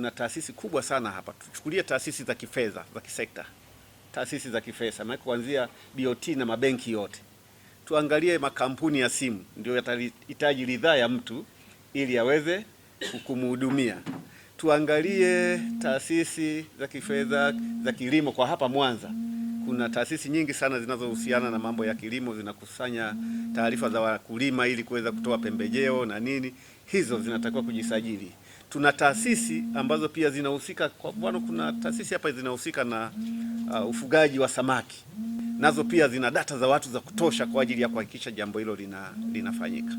kuna taasisi kubwa sana hapa, tuchukulie taasisi za kifedha za kisekta, taasisi za kifedha maana kuanzia BOT na mabenki yote, tuangalie makampuni ya simu ndio yatahitaji ridhaa ya mtu ili aweze kumhudumia. Tuangalie taasisi za kifedha za kilimo kwa hapa Mwanza kuna taasisi nyingi sana zinazohusiana na mambo ya kilimo zinakusanya taarifa za wakulima ili kuweza kutoa pembejeo na nini, hizo zinatakiwa kujisajili. Tuna taasisi ambazo pia zinahusika, kwa mfano kuna taasisi hapa zinahusika na uh, ufugaji wa samaki, nazo pia zina data za watu za kutosha kwa ajili ya kuhakikisha jambo hilo lina, linafanyika.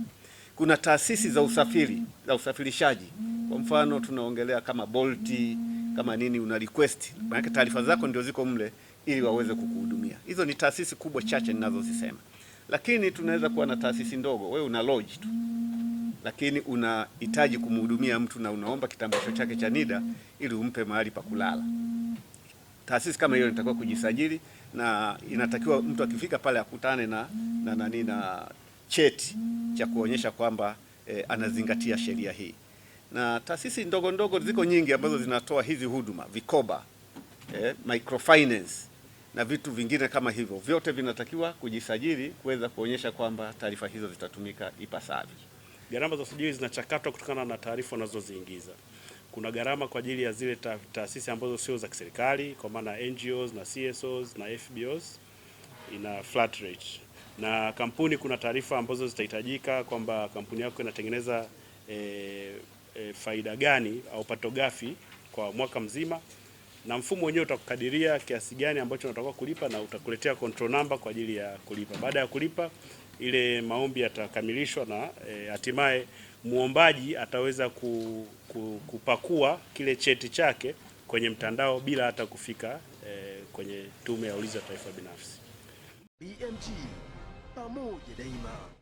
Kuna taasisi za usafiri za usafirishaji, kwa mfano tunaongelea kama Bolti kama nini, una request maana taarifa zako ndio ziko mle ili waweze kukuhudumia. Hizo ni taasisi kubwa chache ninazozisema, lakini tunaweza kuwa na taasisi ndogo. Wewe una lodge tu, lakini unahitaji kumhudumia mtu na unaomba kitambulisho chake cha NIDA ili umpe mahali pa kulala. Taasisi kama hiyo inatakiwa kujisajili, na inatakiwa mtu akifika pale akutane na na nani na, na cheti cha kuonyesha kwamba eh, anazingatia sheria hii. Na taasisi ndogo ndogo ziko nyingi ambazo zinatoa hizi huduma, vikoba eh, microfinance na vitu vingine kama hivyo, vyote vinatakiwa kujisajili kuweza kuonyesha kwamba taarifa hizo zitatumika ipasavyo. Gharama za usajili zinachakatwa kutokana na taarifa unazoziingiza. Kuna gharama kwa ajili ya zile ta taasisi ambazo sio za kiserikali kwa maana NGOs na CSOs na FBOs, ina flat rate na kampuni. Kuna taarifa ambazo zitahitajika kwamba kampuni yako inatengeneza e, e, faida gani au pato kwa mwaka mzima na mfumo wenyewe utakukadiria kiasi gani ambacho unatakiwa kulipa na utakuletea control number kwa ajili ya kulipa. Baada ya kulipa, ile maombi yatakamilishwa na e, hatimaye e, muombaji ataweza ku, ku, kupakua kile cheti chake kwenye mtandao bila hata kufika e, kwenye Tume ya Ulinzi wa taifa Binafsi. BMG pamoja daima.